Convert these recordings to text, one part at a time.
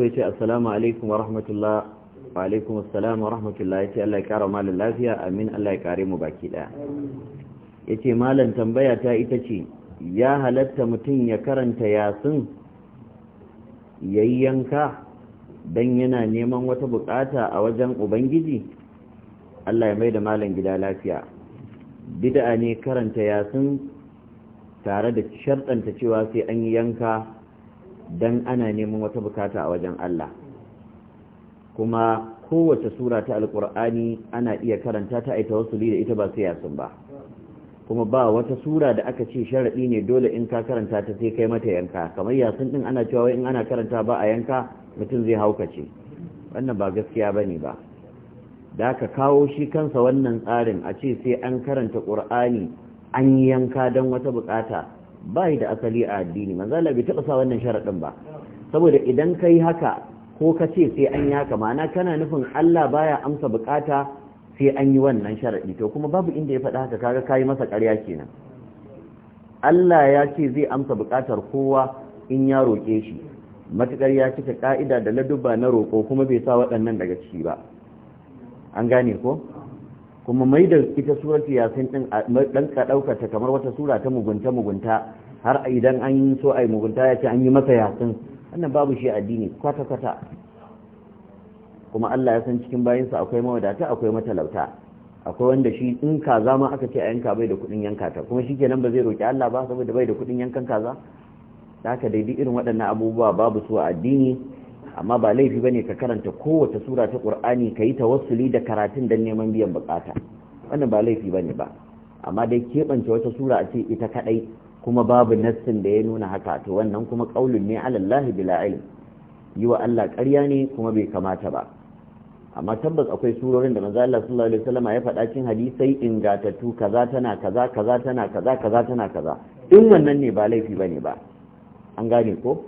sai ce assalamu alaikum wa rahmatullah wa alaikum assalam wa rahmatullah ce Allah ya kara malan lafiya amin Allah ya kare mu baki daya yace malan tambaya ta ita ce ya halatta mutum ya karanta yasin yayi yanka dan yana neman wata bukata a wajen ubangiji Allah ya maida malan gida lafiya bid'a ne karanta yasin tare da sharɗanta cewa sai an yi yanka dan ana neman wata bukata a wajen Allah kuma kowace sura ta alkur'ani ana iya karanta ta aita wasuli da ita ba sai yasin ba kuma ba wata sura da aka ce sharaɗi ne dole in ka karanta ta sai kai mata yanka kamar yasin ɗin ana cewa in ana karanta ba a yanka mutum zai haukace wannan ba gaskiya bane ba da aka kawo shi kansa wannan tsarin a ce sai an karanta ƙur'ani an yanka don wata bukata bai da asali a addini manzo Allah bai taba sa wannan sharadin ba saboda idan kai haka ko kace sai an yi haka ma'ana kana nufin Allah baya amsa bukata sai an yi wannan sharadi to kuma babu inda ya faɗa haka kaga kai masa ƙarya kenan Allah ya ce zai amsa bukatar kowa in ya roke shi matukar ya cika ka'ida da ladubba na roko kuma bai sa waɗannan daga ciki ba an gane ko kuma mai da ita suratu yasin din dan ka dauka ta kamar wata sura ta mugunta mugunta har idan an yi so ai mugunta ya ce an yi masa yasin wannan babu shi addini kwata kwata kuma Allah ya san cikin bayinsa akwai mawadata akwai matalauta akwai wanda shi in kaza ma aka ce a yanka bai da kudin yanka ta kuma shi kenan ba zai roki Allah ba saboda bai da kudin yankan kaza da haka daidai irin waɗannan abubuwa babu su a addini amma ba laifi bane ka karanta kowace sura ta qur'ani ka yi tawassuli da karatun dan neman biyan bukata wannan ba laifi bane ba amma dai keɓance wata sura a ce ita kadai kuma babu nassin da ya nuna haka to wannan kuma kaulin ne alallahi bila ilm yi wa Allah ƙarya ne kuma bai kamata ba amma tabbas akwai surorin da manzo Allah sallallahu alaihi wasallam ya faɗa cikin hadisai ingatattu kaza tana kaza kaza tana kaza kaza tana kaza in wannan ne ba laifi bane ba an gane ko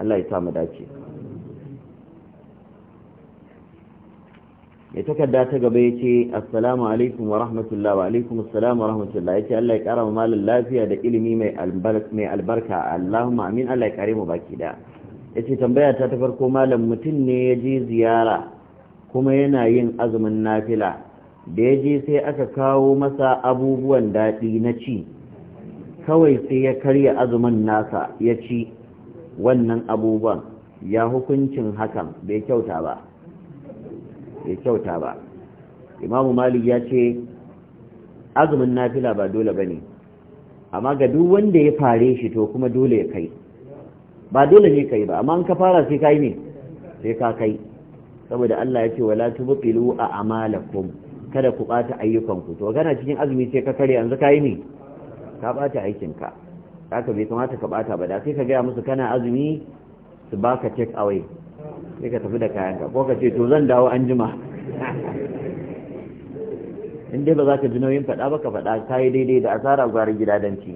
Allah ya samu dace ya takarda ta gaba ya ce assalamu alaikum wa rahmatullah wa alaikum assalamu wa rahmatullah ya ce Allah ya kara wa malin lafiya da ilimi mai albarka Allahumma amin Allah ya kare mu baki da ya ce tambaya ta ta farko malam mutum ne ya je ziyara kuma yana yin azumin nafila da ya je sai aka kawo masa abubuwan daɗi na ci kawai sai ya karya azumin nasa ya ci wannan abubuwan ya hukuncin hakan bai kyauta ba bai kyauta ba imamu malik ya ce azumin nafila ba dole ba ne amma ga duk wanda ya fare shi to kuma dole ya kai ba dole ne kai ba amma an ka fara sai kai ne sai ka kai saboda Allah ya ce wala tubqilu a amalakum kada ku bata ayyukanku to kana cikin azumi sai ka kare yanzu kai ne ka bata aikinka haka bai kamata ka bata ba da sai ka gaya musu kana azumi su baka take away sai ka tafi da kayan ka ko ka ce to zan dawo an jima in dai ba za ka ji nauyin faɗa ba ka faɗa ka yi daidai da asara gwari gidadanci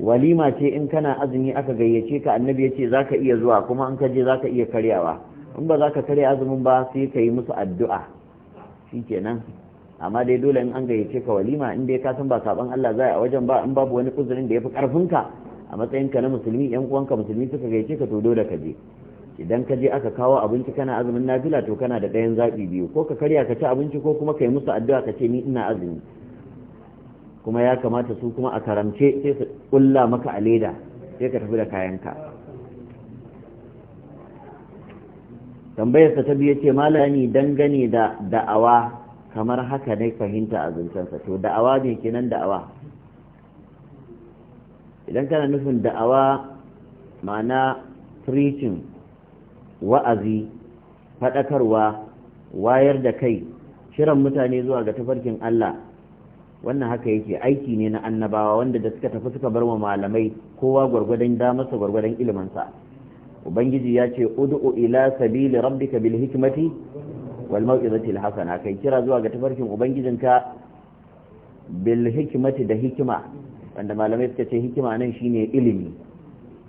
walima ce in kana azumi aka gayyace ka annabi ya ce za ka iya zuwa kuma in ka je za ka iya karyawa in ba za ka karya azumin ba sai ka yi musu addu'a shi kenan amma dai dole in an gayyace ka walima in dai ka san ba saban Allah za a wajen ba in babu wani kuzurin da ya fi karfinka a matsayinka na musulmi yan uwanka musulmi suka gayyace ka to dole ka je idan ka je aka kawo abinci kana azumin nafila to kana da ɗayan zaɓi biyu ko ka karya ka ci abinci ko kuma ka yi musu addu'a ka ce ni ina azumi kuma ya kamata su kuma a karamce sai su ƙulla maka a leda sai ka tafi da kayanka tambayarsa ta biyu ce malami dangane da da'awa kamar haka ne fahimta a zancensa to da'awa ne kenan da'awa idan kana nufin da'awa ma'ana preaching wa'azi faɗakarwa wayar da kai shirin mutane zuwa ga tafarkin Allah wannan haka yake aiki ne na annabawa wanda da suka tafi suka bar wa malamai kowa gwargwadon damarsa gwargwadon ilimansa ubangiji ya ce udu'u ila sabili rabbika bil hikmati wal mau'izati al hasana kai kira zuwa ga tafarkin ubangijinka bil hikmati da hikima wanda malamai suka ce hikima nan shine ilimi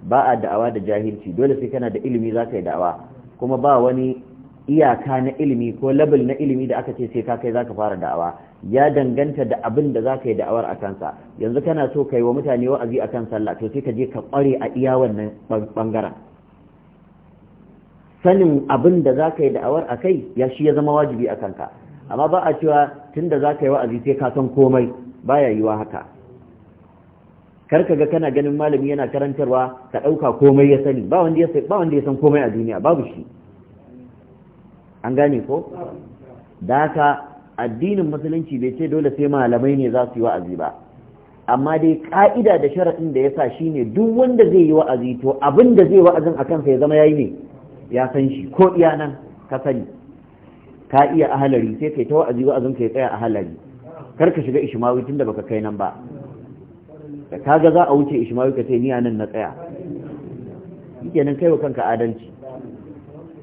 ba a da'awa da jahilci dole sai kana da ilimi za ka yi da'awa kuma ba wani iyaka na ilimi ko label na ilimi da aka ce sai ka kai za ka fara da'awa ya danganta da abin da za ka yi da'awar a kansa yanzu kana so ka yi wa mutane wa'azi a kan sallah to sai ka je ka ƙware a iya wannan ɓangaren sanin abin da za ka yi da'awar a kai ya shi ya zama wajibi a kanka amma ba a cewa tun da za ka yi wa'azi sai ka san komai baya yiwa haka kar ka ga kana ganin malami yana karantarwa ka ɗauka komai ya sani ba wanda ya san komai a duniya babu shi an gane ko da haka addinin musulunci bai ce dole sai malamai ne za su yi wa'azi ba amma dai ka'ida da sharaɗin da ya sa shi ne duk wanda zai yi wa'azi to abin da zai wa'azin a kansa ya zama ya yi ne ya san shi ko iya nan ka sani ka iya ahalari sai kai ta wa'azi wa'azin ka ya tsaya ahalari kar ka shiga tun da baka kai nan ba da kaga za a wuce ishmawi ka ce ni a nan na tsaya kenan kai wa kanka adalci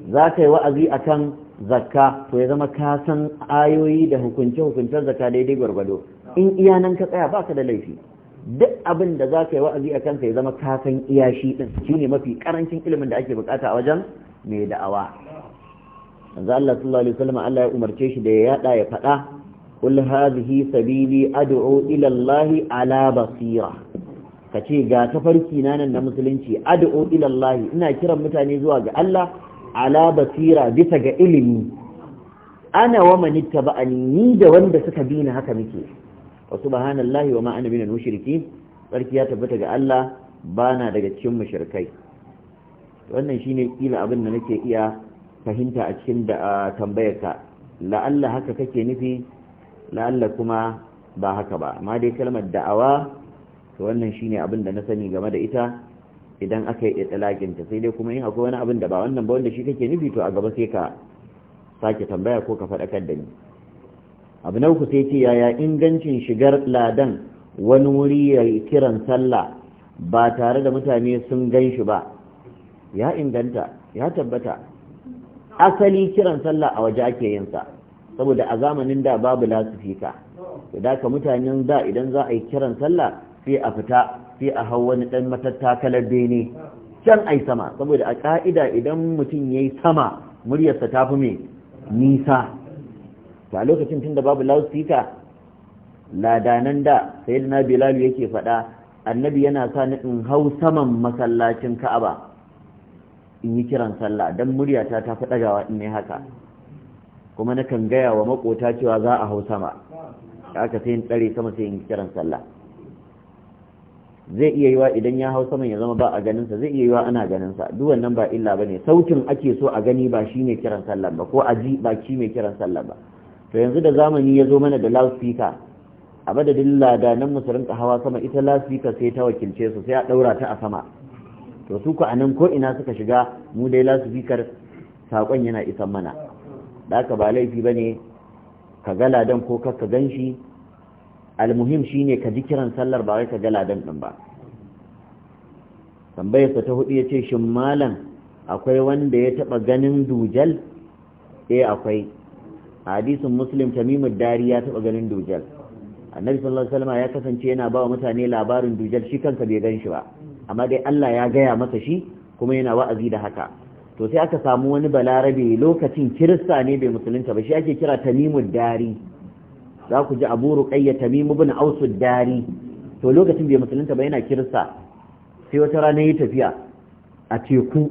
za ka yi wa'azi a kan zakka to ya zama kasan ayoyi da hukunce-hukuncen zakka daidai gwargwado in iya nan ka tsaya ba ka da laifi duk abin da za ka yi wa'azi a kanka ya zama kasan iya shi ɗin shi ne mafi karancin ilimin da ake bukata a wajen mai da'awa yanzu Allah sallallahu alaihi wasallam Allah ya umarce shi da ya yada ya faɗa kul hadhihi sabili ad'u ila Allah ala basira kace ga tafarki na nan na musulunci ad'u ila Allah ina kiran mutane zuwa ga Allah ala basira bisa ga ilimi ana wa man ittaba'ani ni da wanda suka bi ni haka muke wa subhanallahi wa ma ana minal mushrikin sarki ya tabbata ga Allah bana daga cikin mushrikai wannan shine kila abin da nake iya fahimta a cikin da tambayarka la'alla haka kake nufi la'alla kuma ba haka ba amma dai kalmar da'awa to wannan shine abin da na sani game da ita idan aka yi ta sai dai kuma in akwai wani abin da ba wannan ba wanda shi kake nufi to a gaba sai ka sake tambaya ko ka faɗakar da ni abu na uku sai ce yaya ingancin shigar ladan wani wuri ya kiran sallah ba tare da mutane sun gan shi ba ya inganta ya tabbata asali kiran sallah a waje ake yin sa saboda a zamanin da babu lasifika to da ka mutanen da idan za a yi kiran sallah sai a fita sai a hau wani dan matattakalar bene can ai sama saboda a ka'ida idan mutum yayi sama muryarsa ta fi me nisa to a lokacin tunda babu lasifika ladanan da sai sayyidina bilal yake faɗa annabi yana sa ni in hau saman masallacin ka'aba in yi kiran sallah dan muryata ta fi ɗagawa in ne haka kuma na kan gaya wa makota cewa za a hau sama aka sai tsare sama sai yin kiran sallah zai iya yiwa idan ya hau saman ya zama ba a sa zai iya yiwa ana ganinsa duk wannan ba illa ba ne sautin ake so a gani ba shi kiran sallah ba ko a ji ba shi mai kiran sallah ba to yanzu da zamani ya zo mana da loudspeaker a madadin nan musu rinka hawa sama ita loudspeaker sai ta wakilce su sai a daura ta a sama to su ku nan ko ina suka shiga mu dai loudspeaker sakon yana isan mana da aka ba laifi ba ne ka gala ladan ko ka gan shi almuhim shi ne ka ji kiran sallar ba wai ka gala don ɗin ba tambayarsa ta hudu ya ce shin malam akwai wanda ya taba ganin dujal eh akwai hadisin muslim tamimu dari ya taba ganin dujal annabi sallallahu alaihi wasallam ya kasance yana ba wa mutane labarin dujal shi kansa bai gan shi ba amma dai Allah ya gaya masa shi kuma yana wa'azi da haka to sai aka samu wani balarabe lokacin kirista ne bai musulunta ba shi ake kira tamimu dari za ku ji abu ruqayya tamimu bin ausu dari to lokacin bai musulunta ba yana kirista sai wata rana yi tafiya a teku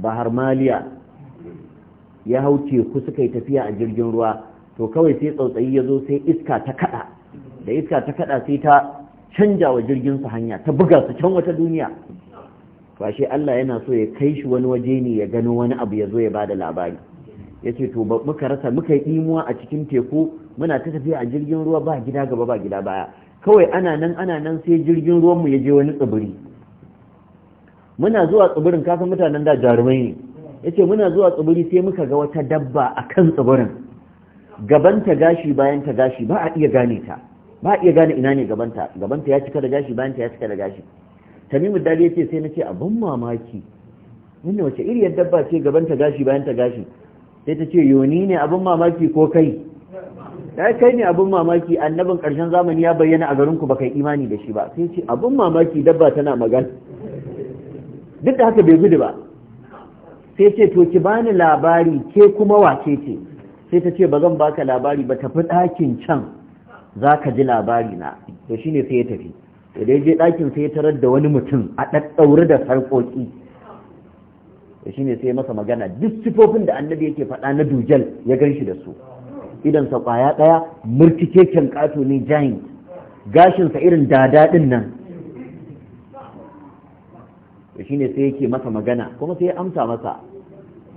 bahar maliya ya hau teku suka yi tafiya a jirgin ruwa to kawai sai tsautsayi ya zo sai iska ta kada da iska ta kada sai ta canja wa jirgin su hanya ta buga su can wata duniya ba shi Allah yana so ya kai shi wani waje ne ya gano wani abu ya zo ya bada labari ya ce to muka rasa muka yi imuwa a cikin teku muna ta tafiya a jirgin ruwa ba gida gaba ba gida baya kawai ana nan ana nan sai jirgin ruwan mu ya je wani tsibiri muna zuwa tsibirin kafin mutanen da jarumai ne yace muna zuwa tsibiri sai muka ga wata dabba a kan tsibirin gabanta gashi bayan ta gashi ba a iya gane ta ba a iya gane ina ne gabanta gabanta ya cika da gashi bayan ta ya cika da gashi tamimu dali ya ce sai na ce abin mamaki wannan wace iriyar dabba ce gaban ta gashi bayan ta gashi sai ta ce yoni ne abin mamaki ko kai ya kai ne abin mamaki annabin karshen zamani ya bayyana a ku baka imani da shi ba sai ce abin mamaki dabba tana magana duk da haka bai gudu ba sai ce to ki bani labari ke kuma wace ce sai ta ce ba zan baka labari ba tafi ɗakin can za ka ji labari na to shine sai ya tafi da dai je ɗakin sai ya tarar da wani mutum a ɗaɗɗaure da sarƙoƙi da shi ne sai masa magana duk sifofin da annabi yake faɗa na dujal ya gan shi da su idansa ƙwaya ɗaya murtikeken ƙato ne giant gashinsa irin ɗin nan da shi ne sai yake masa magana kuma sai ya amsa masa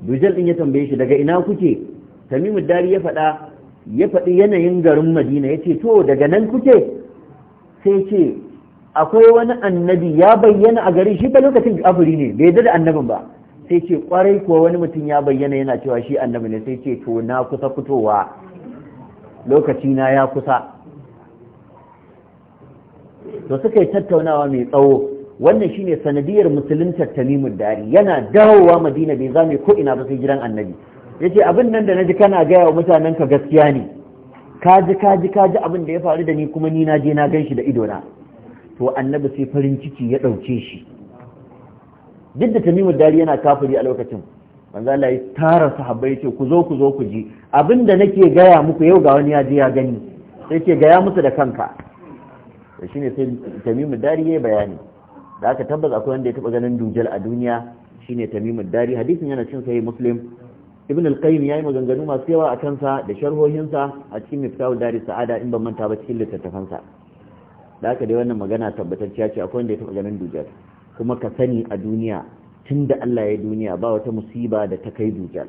dujal ɗin ya tambaye shi daga ina kuke tamimu dari ya faɗa ya faɗi yanayin garin madina ya ce to daga nan kuke sai ce akwai wani annabi ya bayyana a gari shi ba lokacin afuri ne bai da annabin ba sai ce kwarai kuwa wani mutum ya bayyana yana cewa shi annabi ne sai ce to na kusa fitowa lokaci na ya kusa to suka yi tattaunawa mai tsawo wannan shine sanadiyar musuluntar tamimun dari yana dawowa madina bai zame ko ina ba sai jiran annabi yace abin nan da na ji kana gaya wa mutanen ka gaskiya ne kaji kaji kaji abin da ya faru da ni kuma ni na je na gan shi da idona to annabi sai farin ciki ya ɗauke shi duk da tamimu dari yana kafiri a lokacin manzo Allah ya tara sahabbai ce ku zo ku zo ku ji abinda nake gaya muku yau ga wani ya je ya gani sai ke gaya musu da kanka to shine sai tamimu dari ya bayani da aka tabbata akwai wanda ya taba ganin dujal a duniya shine tamimu dari hadisin yana cin sahih muslim ibn al-qayyim yayi maganganu masu yawa a kansa da sharhohinsa a cikin miftahul dari sa'ada in ban manta ba cikin littattafansa da aka dai wannan magana tabbatacciya ce akwai wanda ya taɓa ganin dujal kuma ka sani a duniya tun da Allah ya duniya ba wata musiba da ta kai dujal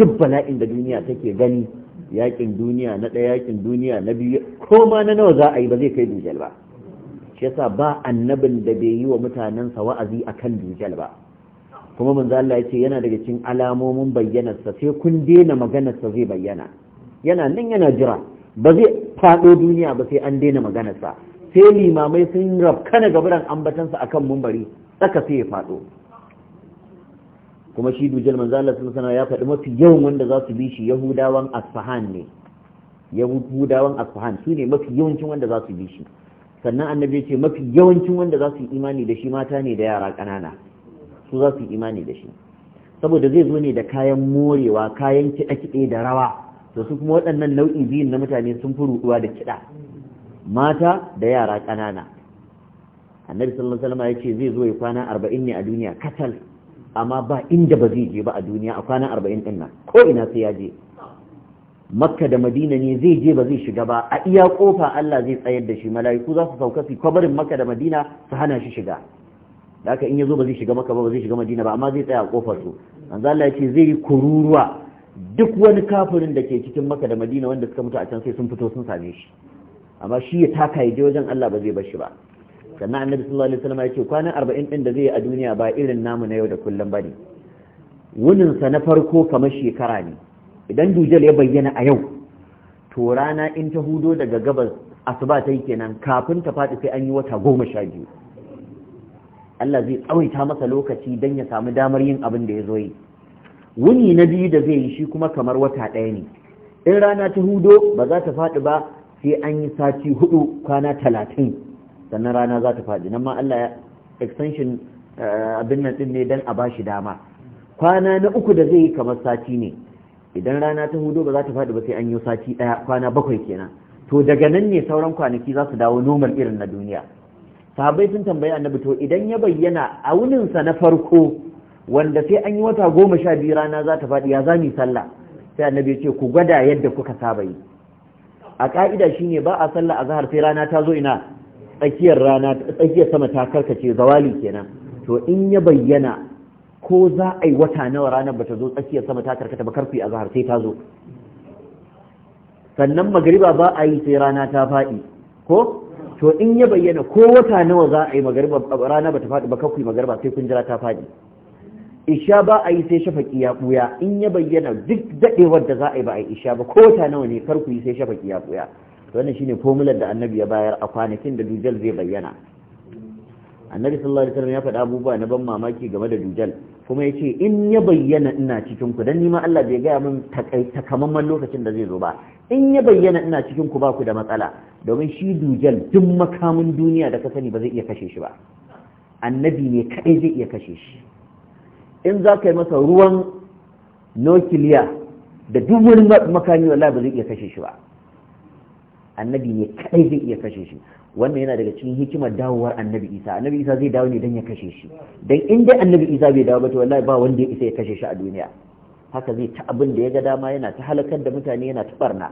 duk bala'in da duniya take gani yakin duniya na ɗaya yakin duniya na biyu ko ma na nawa za a yi ba zai kai dujal ba shi yasa ba annabin da bai yi wa mutanensa wa'azi akan dujal ba kuma manzo Allah ya ce yana daga cikin alamomin bayyanarsa sai kun daina maganarsa zai bayyana yana nan yana jira ba zai faɗo duniya ba sai an daina maganarsa sai limamai sun na gabaran ambatansa akan mumbari tsaka sai ya faɗo kuma shi dujal manzala sun sana ya faɗi mafi yawan wanda za su bi shi yahudawan asfahan ne yahudawan asfahan su ne mafi yawancin wanda za su bi shi sannan annabi ya ce mafi yawancin wanda za su yi imani da shi mata ne da yara ƙanana su za su yi imani da shi saboda zai zo ne da kayan morewa kayan kiɗa-kiɗe da rawa to su kuma waɗannan nau'in biyun na mutane sun fi ruɗuwa da kiɗa mata da yara ƙanana annabi sallallahu alaihi wasallam ya ce zai zo ya kwana 40 ne a duniya katal amma ba inda ba zai je ba a duniya a kwana 40 din nan ko ina sai ya je makka da madina ne zai je ba zai shiga ba a iya kofa Allah zai tsayar da shi mala'iku za su sauka su kwabarin makka da madina su hana shi shiga da haka in ya zo ba zai shiga makka ba ba zai shiga madina ba amma zai tsaya a kofar su manzo Allah ya ce zai yi kururuwa duk wani kafirin da ke cikin makka da madina wanda suka mutu a can sai sun fito sun same shi amma shi ya taka ya je wajen Allah ba zai bar shi ba sannan annabi sallallahu alaihi wasallam ya ce kwanan 40 din da zai yi a duniya ba irin namu na yau da kullum bane wunin sa na farko kamar shekara ne idan dujal ya bayyana a yau to rana in ta hudo daga gabas asuba ta yi kenan kafin ta faɗi sai an yi wata goma sha biyu Allah zai tsawaita masa lokaci don ya samu damar yin abin da ya zo yi wuni na biyu da zai yi shi kuma kamar wata ɗaya ne in rana ta hudo ba za ta faɗi ba sai an yi sati hudu kwana talatin sannan rana za ta faɗi nan ma Allah extension eh, abin nan ɗin ne don a bashi dama kwana na uku da zai yi kamar sati ne idan rana ta hudu ba za ta faɗi ba sai an yi sati ɗaya kwana bakwai kenan to daga nan ne sauran kwanaki za su dawo normal irin na duniya sahabbai sun tambayi annabi to idan ya bayyana a wuninsa na farko wanda sai an yi wata goma sha biyu rana za ta faɗi ya za sallah sai annabi ya ce ku gwada yadda kuka saba yi a ka'ida shine ba a sallah zahar sai rana ta zo ina tsakiyar rana tsakiyar sama ta karkace zawali kenan to in ya bayyana ko za a yi wata nawa ranar bata zo tsakiyar sama ta karkata ba karfi zahar sai ta zo sannan magariba ba a yi sai rana ta faɗi ko to in ya bayyana ko wata nawa za a yi magariba rana bata faɗi ba karfi magariba sai kun jira ta faɗi isha ba a yi sai shafaki ya buya in ya bayyana duk daɗewar da za a yi ba a yi isha ba ko wata nawa ne kar ku yi sai shafaki ya buya wannan shine formular da annabi ya bayar a kwanakin da dujal zai bayyana annabi sallallahu alaihi wasallam ya faɗa abubuwa na ban mamaki game da dujal kuma ya ce in ya bayyana ina cikin ku dan nima Allah bai gaya min takamaiman lokacin da zai zo ba in ya bayyana ina cikin ku ba ku da matsala domin shi dujal duk makamin duniya da ka sani ba zai iya kashe shi ba annabi ne kadai zai iya kashe shi in za ka yi masa ruwan nukiliya da duk wani makami wallahi ba zai iya kashe shi ba annabi ne kadai zai iya kashe shi wannan yana daga cikin hikimar dawowar annabi isa annabi isa zai dawo ne don ya kashe shi don in dai annabi isa bai dawo ba to wallahi ba wanda ya isa ya kashe shi a duniya haka zai ta abin da ya ga dama yana ta halakar da mutane yana ta barna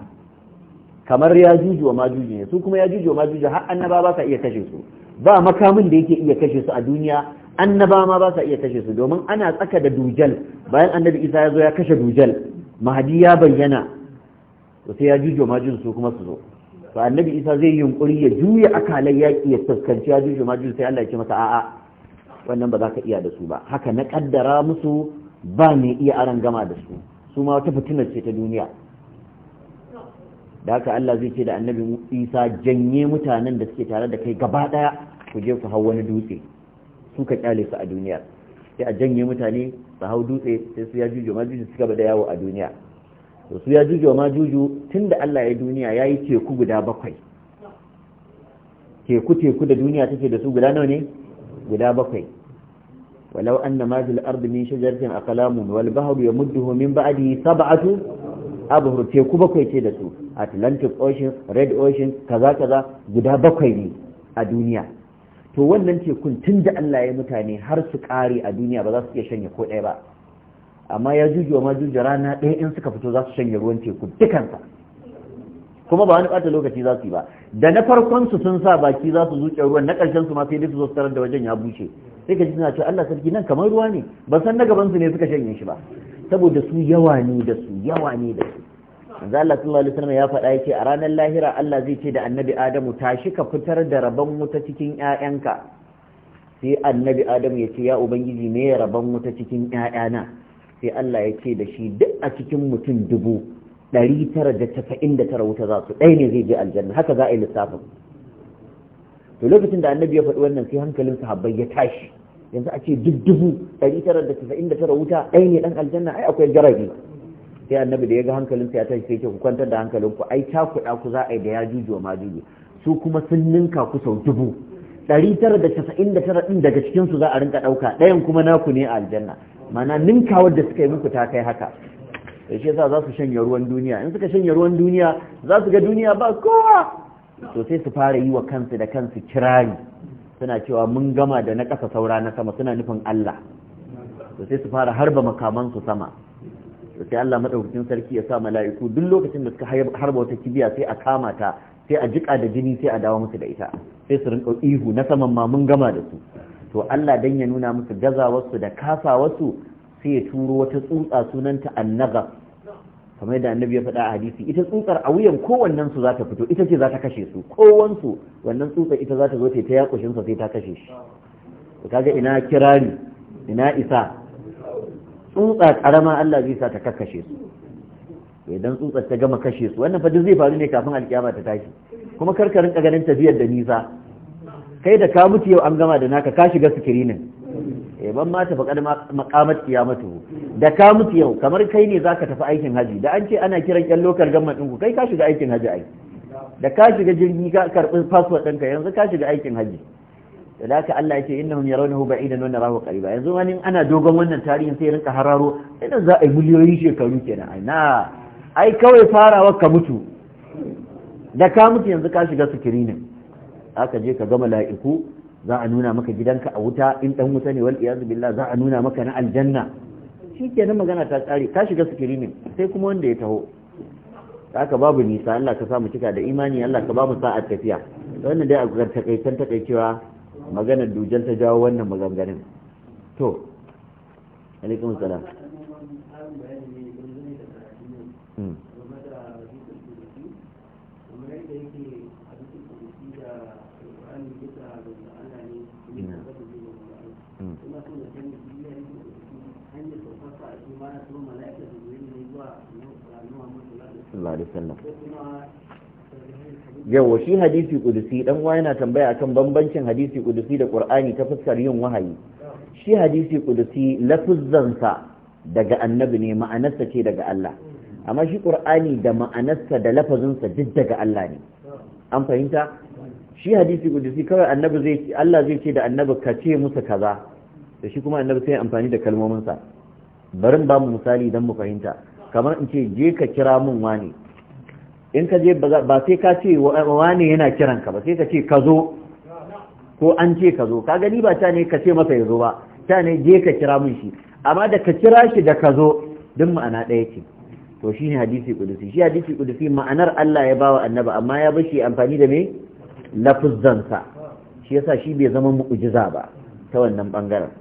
kamar ya juju wa majuji ne su kuma ya juju wa majuji har annaba ba ka iya kashe su ba makamin da yake iya kashe su a duniya annaba ma ba sa iya kashe su domin ana tsaka da dujal bayan annabi isa ya zo ya kashe dujal mahadi ya bayyana to sai ya jujo majin su kuma su zo to annabi isa zai yi yunkuri ya juya akalai yaƙi ya fuskanci ya jujo majin sai Allah ya ce masa a'a wannan ba za ka iya da su ba haka na kaddara musu ba mai iya aran gama da su su ma wata fitina ce ta duniya da haka Allah zai ce da annabi isa janye mutanen da suke tare da kai gaba ɗaya ku je ku hau wani dutse su kyale su a duniya sai a janye mutane su hau dutse sai su ya juju majuju su gaba da yawo a duniya to su ya juju majuju tun da Allah ya duniya ya yi teku guda bakwai teku teku da duniya take da su guda nawa ne guda bakwai ولو أن ما في الأرض من شجرة أقلام والبحر يمده من بعده سبعة أبهر teku bakwai ce da su Atlantic Ocean, Red Ocean, kaza kaza guda bakwai ne a duniya to wannan tekun tun da Allah ya mutane har su kare a duniya ba za su iya shanye ko ɗaya ba amma ya juju wa majuju rana ɗaya in suka fito za su shanye ruwan teku dukansa kuma ba wani ɓata lokaci za su yi ba da na farkon su sun sa baki za su zuƙe ruwan na ƙarshen su ma sai dai su zo su tarar da wajen ya bushe sai ka ji suna cewa Allah sarki nan kamar ruwa ne ba san na gaban su ne suka shanye shi ba saboda su yawa ne da su yawa ne da su manzo Allah sallallahu alaihi wasallam ya faɗa yake a ranar lahira Allah zai ce da annabi Adamu tashi ka fitar da rabon wuta cikin ƴaƴanka sai annabi Adamu ya ce ya ubangiji me ya rabon wuta cikin ƴaƴana sai Allah ya ce da shi duk a cikin mutum dubu ɗari tara da casa'in da tara wuta za su ɗaya ne zai je aljanna haka za a yi lissafin to lokacin da annabi ya faɗi wannan sai hankalin sahabbai ya tashi yanzu a ce duk dubu ɗari tara da casa'in da tara wuta ɗaya ne ɗan aljanna ai akwai jarabi sai annabi da ya ga sai ya tashi sai ce ku kwantar da hankalinku ai ta kuɗa ku za a yi da ya juju ma juju su kuma sun ninka ku sau dubu ɗari tara da casa'in da tara ɗin daga su za a rinka ɗauka ɗayan kuma naku ne a aljanna mana ninka wadda suka yi muku ta kai haka da shi yasa za su shanya ruwan duniya in suka shanya ruwan duniya za su ga duniya ba kowa to sai su fara yi wa kansu da kansu kirari suna cewa mun gama da na ƙasa saura na sama suna nufin Allah to sai su fara harba makaman su sama sai Allah madaukakin sarki ya sa mala'iku duk lokacin da suka harba wata kibiya sai a kama ta sai a jika da jini sai a dawo musu da ita sai su rinka ihu na saman ma mun gama da su to Allah dan ya nuna musu gazawarsu da kasawarsu sai ya turo wata tsutsa sunanta annaga kamar yadda annabi ya faɗa a hadisi ita tsutsar a wuyan kowannen su za fito ita ce zata kashe su su wannan tsutsar ita za ta zo ta yakushin sa sai ta kashe shi to kaga ina kirari ina isa tsutsa karama Allah zai sa ta kakkashe su idan tsutsa ta gama kashe su wannan fa duk zai faru ne kafin alkiyama ta tashi kuma karka rinka ganin tafiyar da nisa kai da ka mutu yau an gama da naka ka shiga sikirinin eh ban ma tafi kadama maqamat kiyamatu da ka mutu yau kamar kai ne zaka tafi aikin haji da an ce ana kiran yan lokal din ku kai ka shiga aikin haji ai da ka shiga jirgi ka karbi passport ɗinka yanzu ka shiga aikin haji da haka Allah yake innahum yarawnahu ba'idan wa narahu qariba yanzu wani ana dogon wannan tarihin sai rinka hararo idan za a yi miliyoyin shekaru kenan ai na ai kawai farawa ka mutu da ka mutu yanzu ka shiga sikirinin aka je ka ga mala'iku za a nuna maka gidanka a wuta in dan wuta ne wal iyaz billah za a nuna maka na aljanna shikenan magana ta tsare ka shiga sikirinin sai kuma wanda ya taho haka babu nisa Allah ka sa mu cika da imani Allah ka ba mu sa'a tafiya wannan dai a takaitan takaicewa maganar dujal ta jawo wannan maganganun to alaikum salam Allah alaihi wasallam yawa shi hadisi kudusi dan uwa yana tambaya akan bambancin hadisi kudusi da qur'ani ta fuskar yin wahayi shi hadisi kudusi sa daga annabi ne ma'anarsa ce daga Allah amma shi qur'ani da ma'anarsa da sa duk daga Allah ne an fahimta shi hadisi kudusi kawai annabi zai Allah zai ce da annabi ka ce musa kaza da shi kuma annabi sai amfani da kalmomin sa barin ba mu misali dan mu fahimta kamar in ce je ka kira mun wani in ka je ba sai ka ce ne yana kiran ka ba sai ka ce ka zo ko an ce ka zo ka gani ba ta ne ka ce masa ya zo ba ta ne je ka kira mun shi amma da ka kira shi da ka zo duk ma'ana ɗaya ce to shi ne hadisi kudusi shi hadisi kudusi ma'anar Allah ya bawa annaba amma ya bar shi amfani da me lafuzzansa shi yasa shi bai zama mu'jiza ba ta wannan bangaren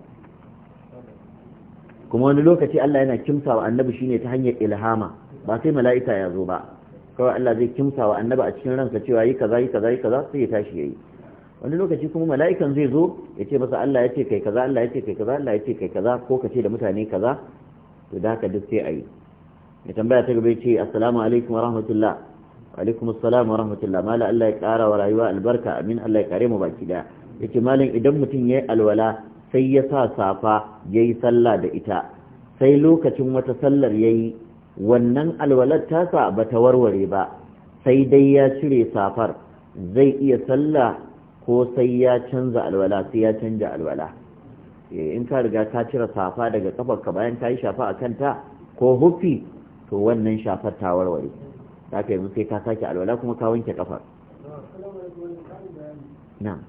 kuma wani lokaci Allah yana kimsa wa annabi shine ta hanyar ilhama ba sai mala'ika ya zo ba kawai Allah zai kimsa wa annaba a cikin ransa cewa yi kaza yi kaza yi kaza sai ya tashi yayi wani lokaci kuma mala'ikan zai zo ya ce masa Allah ya ce kai kaza Allah ya ce kai kaza Allah ya ce kai kaza ko ka ce da mutane kaza to da haka duk sai ayi ya tambaya ta gaba ya ce assalamu alaikum wa rahmatullah wa alaikum assalam wa rahmatullah mala Allah ya kara wa rayuwa albarka amin Allah ya kare mu baki daya yace malam idan mutum yayi alwala sai ya sa safa yayi sallah da ita sai lokacin wata sallar yayi wannan alwalar tasa ba ta warware ba sai dai ya cire safar zai iya sallah ko sai ya canza alwala sai ya canza alwala eh, in ka riga ka cire safa daga ka bayan ta yi shafa a kanta ko hufi to wannan shafar ta warware za ka yi sai ka sake alwala kuma ka wanke kafar na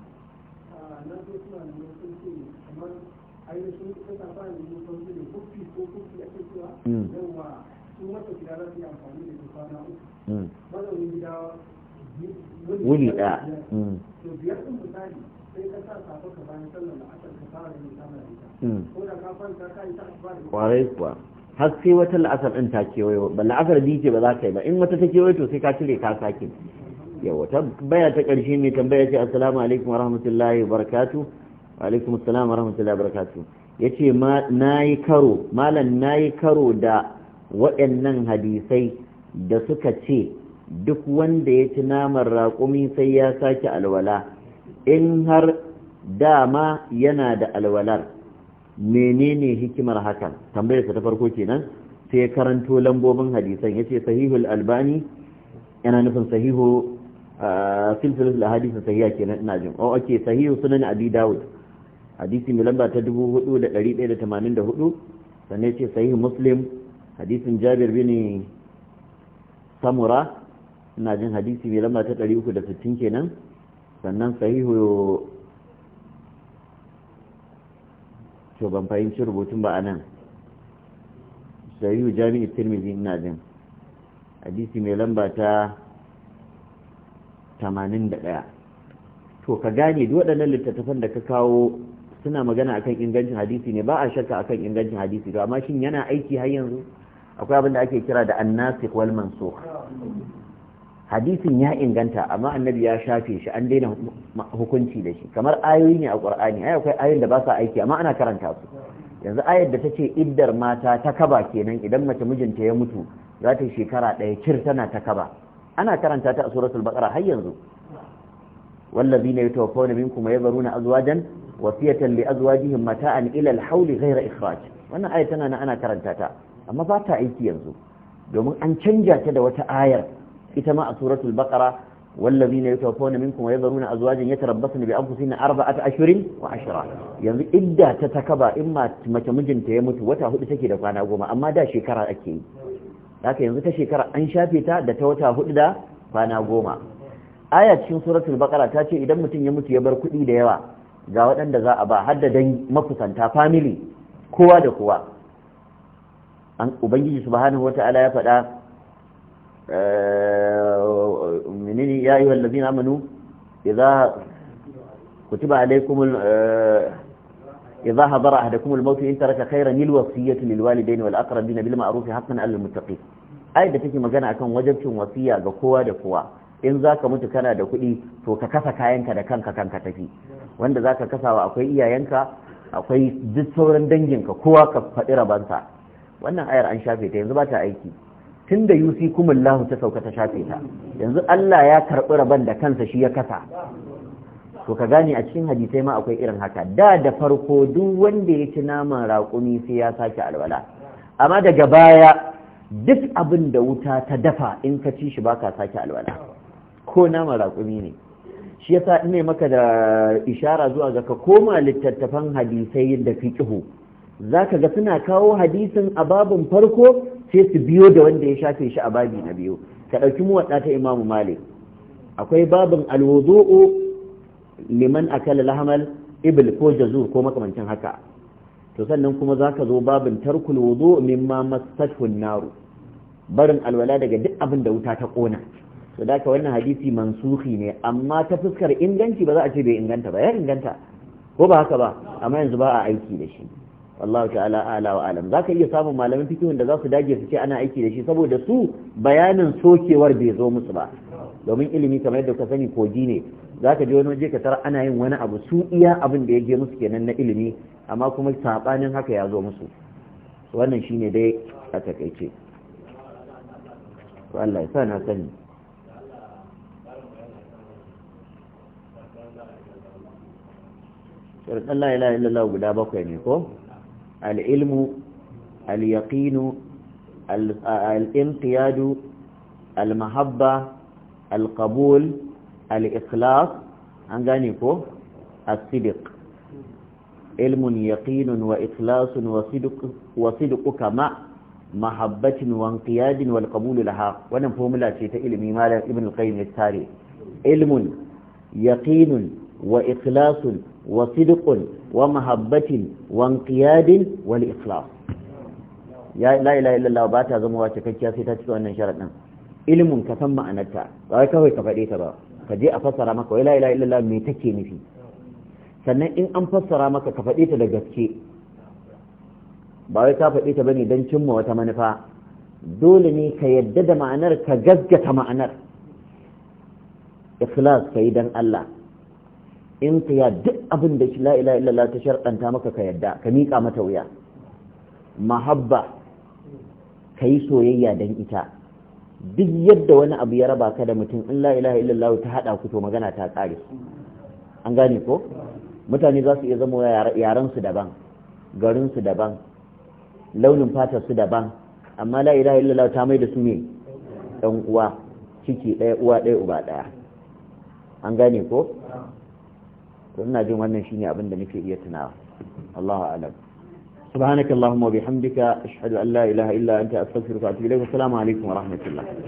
Hmm. wuri ɗaya hmm. sai hmm. kwarai kuwa har sai wata la'asar ɗin ta kewayo ba la'asar biyu ce ba za ka yi ba in wata ta kewayo to sai ka cire ka sake yawa baya ta ƙarshe mai tambaya ce assalamu alaikum wa rahmatullahi wa barakatu wa alaikum assalamu wa rahmatullahi wa barakatu ya ce na yi karo malam na yi karo da waɗannan hadisai da suka ce duk wanda ya ci naman raƙumi sai ya sake alwala in har dama yana da alwalar menene hikimar hakan sa ta farko kenan sai ya karanto lambobin hadisan ya ce sahihul albani yana nufin sahihu silsilis da hadisun sahiya kenan ina jin o oh, ake sahihu sunan abi dawud hadisi mai lamba ta 4184 sannan ya ce sahihu muslim hadisin jabir bin samura ina jin hadisi mai lamba ta 360 kenan sannan sahihu to ban fahimci rubutun ba a nan sahihu jami'in tirmidhi ina jin hadisi mai lamba ta 81 to ka gane duk waɗannan littattafan da ka kawo suna magana akan ingancin hadisi ne ba a shakka akan ingancin hadisi to amma shin yana aiki har yanzu akwai abin da ake kira da annasik wal mansukh hadisin ya inganta amma annabi ya shafe shi an daina hukunci da shi kamar ayoyi ne a qur'ani ai akwai ayoyin da ba sa aiki amma ana karanta su yanzu ayar da tace iddar mata ta kaba kenan idan mace mijinta ya mutu za ta yi shekara ɗaya kir tana ta kaba ana karanta ta a suratul baqara har yanzu wallazina yatawaffawna minkum yadharuna azwajan wasiyatan li azwajihim mata'an ila al-hawli ghayra ikhraj wannan ayar tana ana karanta ta amma ba ta aiki yanzu domin an canja ta da wata ayar ita ma a suratul baqara والذين na منكم yatarabbasu bi anfusihin بأنفسهن ashhurin wa ashra yanzu idda ta takaba in mace mijinta ya mutu wata hudu take da kwana goma amma da shekara ake yi haka yanzu ta shekara an shafe ta da ta wata hudu da kwana goma aya cikin suratul baqara ta ce idan mutum ya mutu ya bar kudi da yawa ga waɗanda za a ba har da dan makusanta family kowa da kowa an ubangiji subhanahu wata'ala ya faɗa eh, menene ya yi wallazi na amanu idza kutiba alaikum eh, idza hadara ahadakum al-maut in taraka khayran lil wasiyati lil walidayni wal aqrabin bil ma'ruf haqqan al muttaqin Ai da take magana akan wajibcin wasiya ga kowa da kowa in zaka mutu kana da kuɗi to ka kasa kayanka da kanka kanka tafi wanda zaka kasawa akwai iyayenka akwai duk sauran danginka kowa ka faɗi rabansa wannan ayar an shafe ta yanzu ba ta aiki tun da yusi kumullahu ta sauka ta shafe ta yanzu Allah ya karɓi rabon da kansa shi ya kasa to ka gane a cikin hadisai ma akwai irin haka da da farko duk wanda ya ci naman raƙumi sai ya sake alwala amma daga baya duk abin da wuta ta dafa in ka ci shi baka sake alwala ko naman raƙumi ne shi yasa ina maka da ishara zuwa ga ka koma littattafan hadisai da fiqhu za ka ga suna kawo hadisin a babin farko sai su biyo da wanda ya shafe shi a babi na biyu ka ɗauki waɗa ta imamu malik akwai babin alwudu'u liman akala lahamal ibil ko jazur ko makamancin haka to sannan kuma za ka zo babin tarkul wudu mimma masatun naru barin alwala daga duk abin da wuta ta kona to da ka wannan hadisi mansuhi ne amma ta fuskar inganci ba za a ce bai inganta ba ya inganta ko ba haka ba amma yanzu ba a aiki da shi wallahu ta'ala ala wa alam zaka iya samun malamin fikihun da za su dage su ce ana aiki da shi saboda su bayanin sokewar bai zo musu ba domin ilimi kamar yadda ka sani kogi ne zaka je wani waje ka tara ana yin wani abu su iya abin da ya je musu kenan na ilimi amma kuma sabanin haka ya zo musu wannan shine dai a takaice to Allah ya sa na sani ya la ilaha illallah guda bakwai ne ko العلم اليقين الانقياد المحبة القبول الإخلاص أنغانيكو الصدق علم يقين وإخلاص وصدق وصدقك مع محبة وانقياد والقبول لها ونفهم لا شيء إلمي مالا ابن القيم التاري علم يقين wa ikhlasun wa sidqun wa mahabbatin wa inqiyadin wal ikhlas la ilaha illallah ba ta zama wace kakkiya sai ta ci wannan sharadin ilimin ka san ma'anarta ba kawai ka faɗe ta ba ka je a fassara maka wai ilaha illallah me take nufi sannan in an fassara maka ka faɗe da gaske ba wai ka bane don cimma wata manufa dole ne ka yadda da ma'anar ka gaskata ma'anar ikhlas ka yi don Allah in ka ya duk abin da shi la'ila ilaha ta sharɗanta maka ka yadda ka miƙa mata wuya mahabba ka yi soyayya don ita duk yadda wani abu ya raba ka da mutum in la'ila ta haɗa ku to magana ta ƙare an gane ko mutane za su iya zama yaran su daban garin su daban launin fatar su daban amma la'ila ta mai da su ne ɗan uwa ciki ɗaya uwa ɗaya uba ɗaya an gane ko to ina jin wannan shine abin da nake iya tunawa Allahu a'lam subhanakallahumma wa bihamdika ashhadu an la ilaha illa anta astaghfiruka wa atubu ilaik assalamu alaikum wa rahmatullah